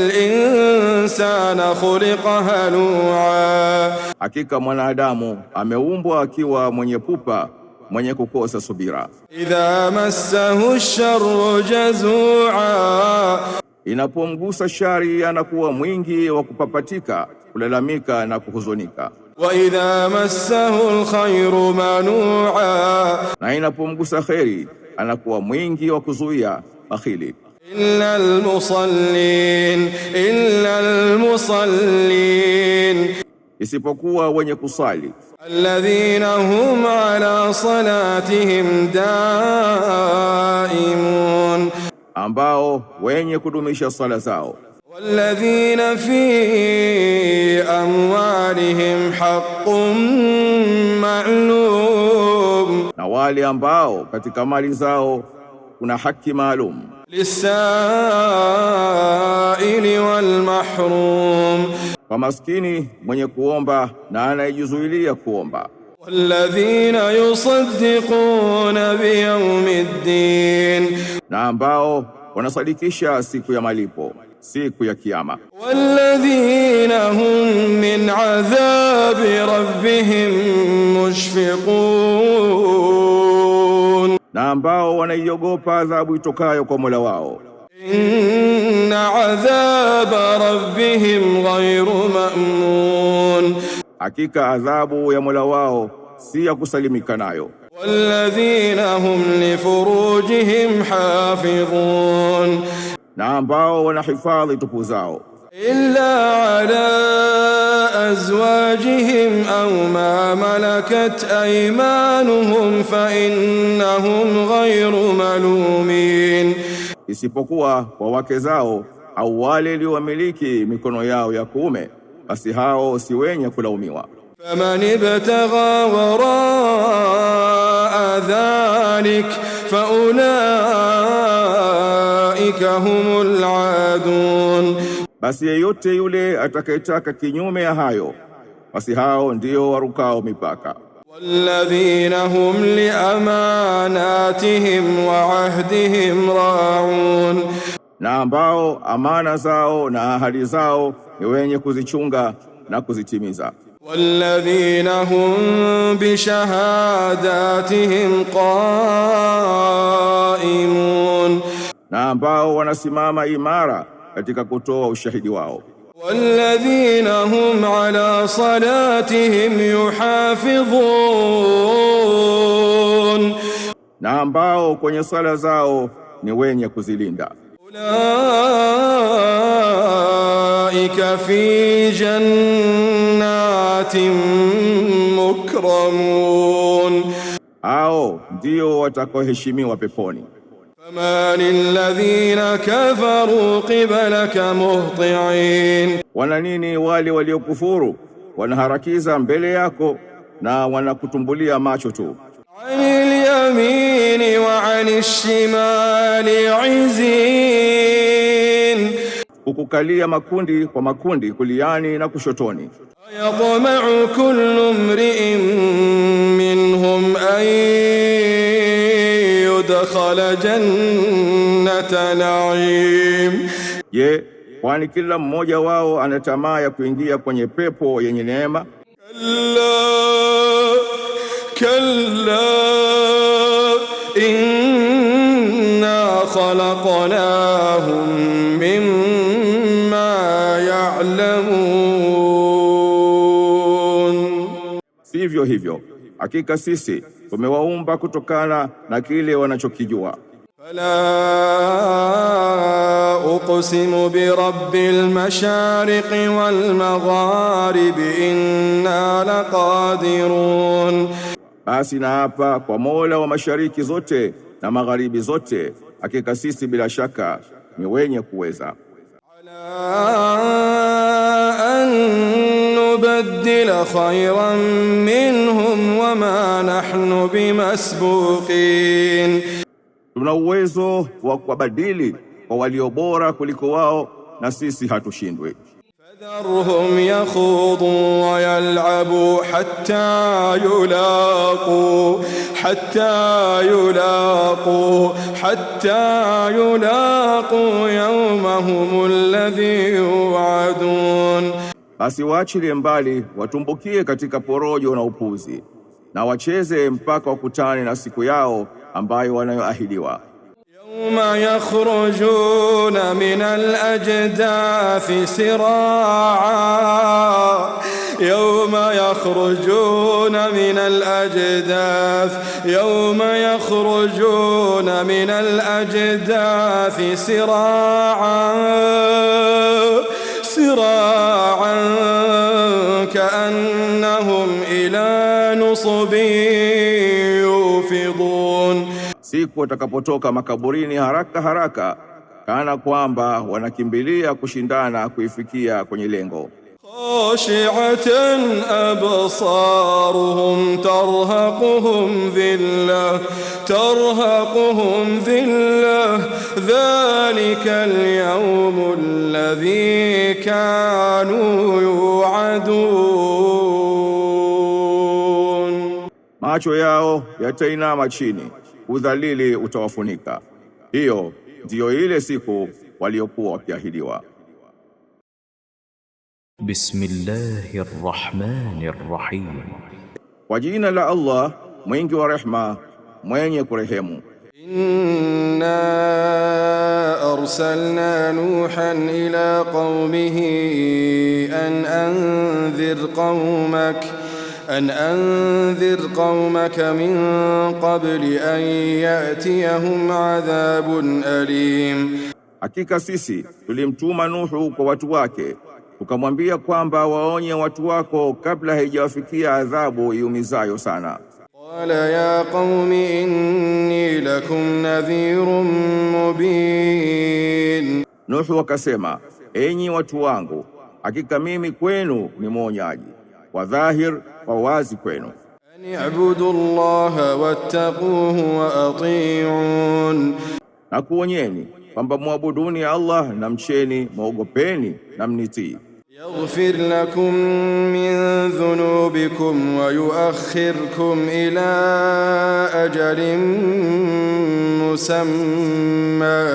insana khuliqa halua, hakika mwanadamu ameumbwa akiwa mwenye pupa mwenye kukosa subira. Idha massahu sharru jazua, inapomgusa shari anakuwa mwingi wa kupapatika, kulalamika na kuhuzunika. Wa idha massahu alkhairu manua, na inapomgusa kheri anakuwa mwingi wa kuzuia bakhili. إلا المصلين إلا المصلين isipokuwa wenye kusali. alladhina hum ala salatihim daimun, ambao wenye kudumisha sala zao. walladhina fi amwalihim haqqun ma'lum, na wale ambao katika mali zao kuna haki maalum lisaili walmahrum, kwa maskini mwenye kuomba na anayejizuilia kuomba. walladhina yusaddiquna biyawmiddin, na ambao wanasadikisha siku ya malipo siku ya kiyama. walladhina hum min adhabi rabbihim mushfiqun ambao wanaiogopa adhabu itokayo kwa Mola wao. Inna adhaba rabbihim ghayru ma'mun, hakika adhabu ya Mola wao si ya kusalimika nayo. Walladhina hum li furujihim hafidhun, na ambao wanahifadhi tupu zao illa ala أزواجهم أو ما ملكت أيمانهم فإنهم غير ملومين isipokuwa kwa wake zao au wale waliowamiliki mikono yao ya kuume, basi hao si wenye kulaumiwa. faman ibtagha waraa dhalik faulaika humul adun Basi yeyote yule atakayetaka kinyume ya hayo, basi hao ndio warukao mipaka. walladhina hum li amanatihim wa ahdihim raun, na ambao amana zao na ahadi zao ni wenye kuzichunga na kuzitimiza. walladhina hum bi shahadatihim qaimun, na ambao wanasimama imara katika kutoa ushahidi wao. walladhina hum ala salatihim yuhafidhun, na ambao kwenye sala zao ni wenye kuzilinda. ulaika fi jannatin mukramun, hao ndio watakaoheshimiwa peponi wana nini wale waliokufuru wanaharakiza mbele yako na wanakutumbulia macho tu. Anil ukukalia makundi kwa makundi kuliani na kushotoni. Yatma'u kullu mri'in minhum دخل جنة نعيم je kwani kila mmoja wao ana tamaa ya kuingia kwenye pepo yenye neema kalla kalla inna khalaqnahum mimma ya'lamun sivyo hivyo Hakika sisi tumewaumba kutokana na kile wanachokijua. Fala uqsimu bi rabbil mashariqi wal magharibi inna laqadirun, basi na hapa kwa Mola wa mashariki zote na magharibi zote, hakika sisi bila shaka ni wenye kuweza. Ala an نبدل خيرا منهم وما نحن bimasbuqin, tuna uwezo wa kuwabadili kwa walio bora kuliko wao na sisi hatushindwi. Fadharhum yakhudu wa yal'abu hatta yulaqu hatta yulaqu hatta yulaqu yawmahum alladhi yu'adun asiwaachilie mbali, watumbukie katika porojo na upuzi, na wacheze mpaka wakutane na siku yao ambayo wanayoahidiwa. Yawma yakhrujuna min al ajdathi siraa yawma yakhrujuna min al-ajdathi yawma yakhrujuna min al ajdathi siraa سراعا كأنهم ila nusubin yufidun, siku watakapotoka makaburini haraka haraka, kana kwamba wanakimbilia kushindana kuifikia kwenye lengo. خاشعة أبصارهم ترهقهم ذلة ترهقهم ذلة ذلك اليوم الذي كانوا يوعدون Macho yao yatainama chini, udhalili utawafunika. Hiyo ndiyo ile siku waliokuwa wakiahidiwa. بسم الله الرحمن الرحيم وجينا jina من Allah من يكرهم إنا أرسلنا نوحا إلى قومه أن أنذر قومك أن أنذر قومك من قبل أن يأتيهم عذاب أليم أكيكا سيسي tulimtuma Nuhu kwa ukamwambia kwamba waonye watu wako kabla haijawafikia adhabu iumizayo sana. Qala ya qaumi inni lakum nadhirun mubin, Nuhu akasema enyi watu wangu, hakika mimi kwenu ni mwonyaji kwa dhahir, kwa wazi kwenu. Ani'budu llaha wattaquhu wa ati'un, nakuonyeni kwamba mwabuduni Allah na mcheni, mwogopeni na mnitii. يغفر لكم من ذنوبكم ويؤخركم إلى أجل مسمى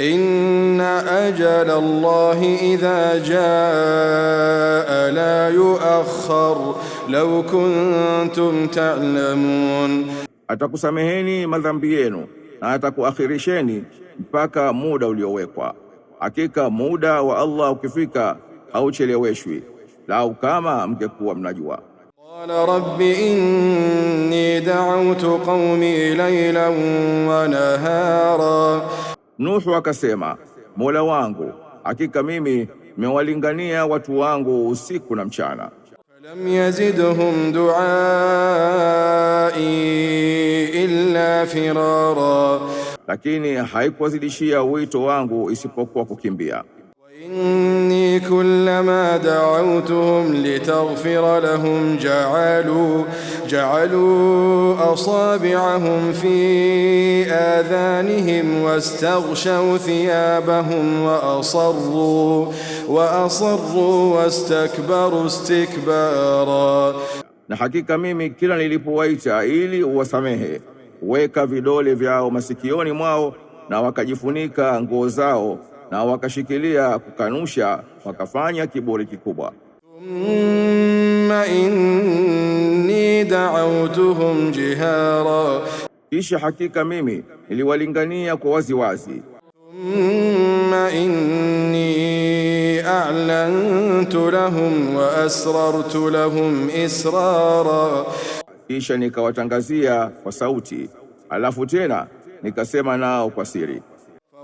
إن أجل الله إذا جاء لا يؤخر لو كنتم تعلمون أتاكو سمهيني مذنبيينو أتاكو أخيرشيني مفاكا مودا وليوويكوا أكيكا مودا وألله كفيكا haucheleweshwi, lau kama mngekuwa mnajua. Qala rabbi inni da'awtu qaumi laylan wa nahara, Nuhu akasema Mola wangu, hakika mimi nimewalingania watu wangu usiku na mchana. Falam yazidhum duai illa firara, lakini haikuwazidishia wito wangu isipokuwa kukimbia. إني كلما دعوتهم لتغفر لهم جعلوا جعلوا أصابعهم في آذانهم واستغشوا ثيابهم وأصروا وأصروا واستكبروا استكبارا na hakika mimi kila nilipowaita ويكا في دولي في vyao مسكيوني ماو na wakajifunika nguo zao na wakashikilia kukanusha, wakafanya kiburi kikubwa. thumma inni da'awtuhum jihara, kisha hakika mimi niliwalingania kwa waziwazi. thumma inni a'lantu lahum wa asrartu lahum israra, kisha nikawatangazia kwa sauti, alafu tena nikasema nao kwa siri.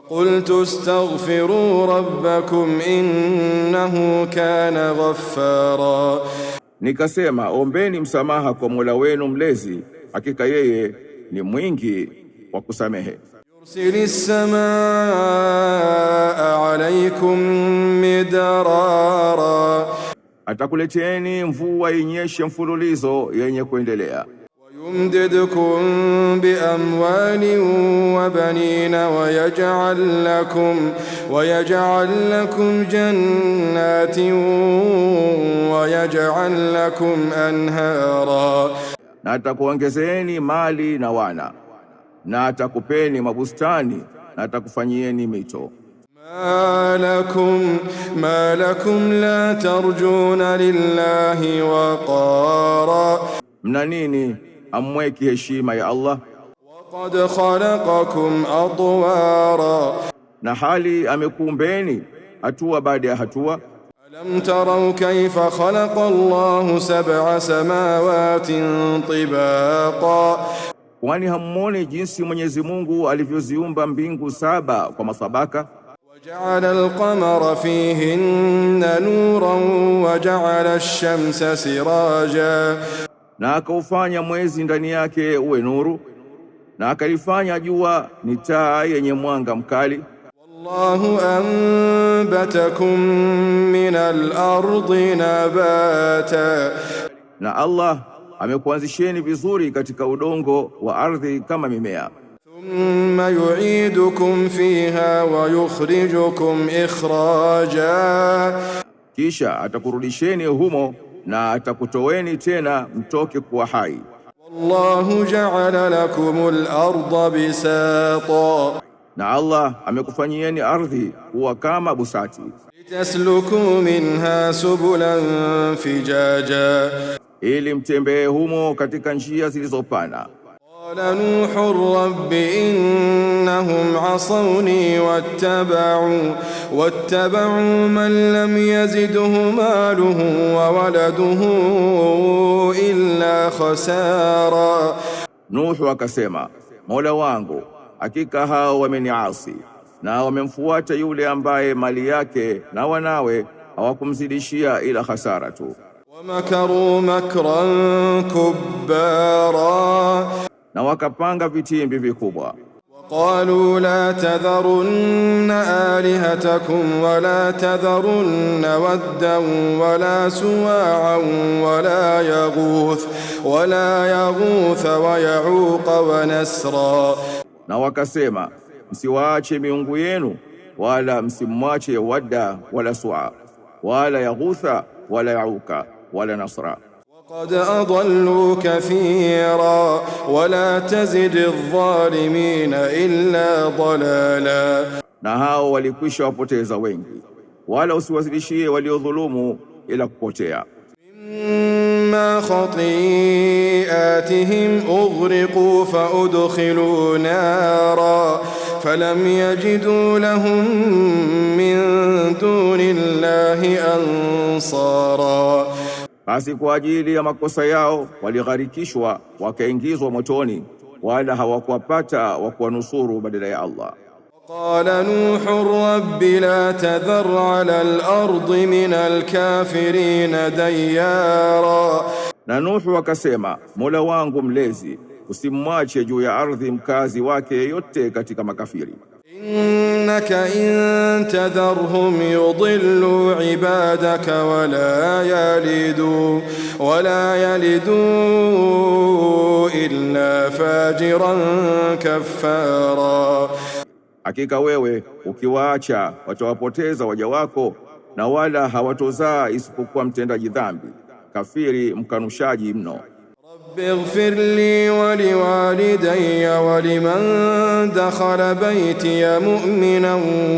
قلت استغفروا ربكم innahu كان غفارا nikasema ombeni msamaha kwa Mola wenu mlezi, hakika yeye ni mwingi wa kusamehe. yursili samaa alaykum midarara, mvua inyeshe mfululizo yenye kuendelea يمددكم بأموال وبنين ويجعل لكم ويجعل لكم جنات ويجعل لكم أنهارا na atakuongezeni mali na wana na atakupeni mabustani na atakufanyieni mito ما لكم ما لكم لا ترجون لله وقارا mna nini amweki heshima ya Allah. Waqad khalaqakum atwara, na hali amekuumbeni hatua baada ya hatua. Alam taraw kayfa khalaqa Allahu sab'a samawatin tibaqa, kwani hamuone jinsi Mwenyezi Mungu alivyoziumba mbingu saba kwa masabaka. Wajaala al-qamara fihinna nuran wajaala ash-shamsa siraja na akaufanya mwezi ndani yake uwe nuru na akalifanya jua ni taa yenye mwanga mkali. Wallahu anbatakum min al-ardi nabata, na Allah amekuanzisheni vizuri katika udongo wa ardhi kama mimea. Thumma yu'idukum fiha wa yukhrijukum ikhraja, kisha atakurudisheni humo na atakutoweni tena mtoke kuwa hai. Wallahu ja'ala lakumul arda bisata, na Allah amekufanyieni ardhi kuwa kama busati. Litasluku minha subulan fijaja, ili mtembee humo katika njia zilizopana. قال نوح رب إنهم عصوني واتبعوا واتبعوا من لم يزده ماله وولده إلا خسارا نوح وكسيما مولا وانغو أكيكا هاو ومن عاصي na wamemfuata yule ambaye mali yake na wanawe hawakumzidishia ila إلى tu. ومكروا مكرا كبارا na wakapanga vitimbi vikubwa. Qalu la tadharunna alihatakum wala tadharunna waddan wala suwa'an wala yaghuth wala yaghuth wa yauq wa nasra, na wakasema msiwaache miungu yenu wala msimwache wadda wala suwa wala yaghutha wala yauka wala nasra قد أضلوا كثيرا ولا تزد الظالمين إلا ضلالا na hao walikwisha wapoteza wengi wala usiwazidishie waliodhulumu ila kupotea إما خطيئاتهم أغرقوا فأدخلوا نارا فلم يجدوا لهم من دون الله أنصارا Basi kwa ajili ya makosa yao waligharikishwa wakaingizwa motoni, wala hawakuwapata wa kuwanusuru badala ya Allah. Qala Nuhu rabbi la tadhar ala al ard min al-kafirin dayara, na Nuhu akasema, Mola wangu mlezi, usimwache juu ya ardhi mkazi wake yeyote katika makafiri. إنك إن تذرهم يضلوا عبادك ولا يلدوا ولا يلدوا إلا فاجرا كفارا Hakika wewe ukiwaacha watawapoteza waja wako na wala hawatozaa isipokuwa mtendaji dhambi, kafiri mkanushaji mno. رب اغفر لي ولوالدي ولمن دخل بيتي مؤمنا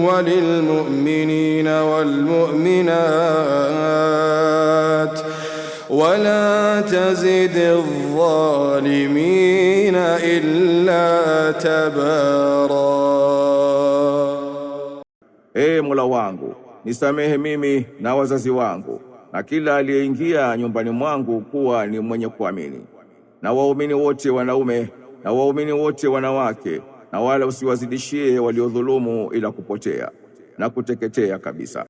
وللمؤمنين والمؤمنات ولا تزد الظالمين إلا تبارا Ee Mola wangu, nisamehe mimi na wazazi wangu na kila aliyeingia nyumbani mwangu kuwa ni mwenye kuamini. na waumini wote wanaume na waumini wote wanawake, na wala usiwazidishie waliodhulumu ila kupotea na kuteketea kabisa.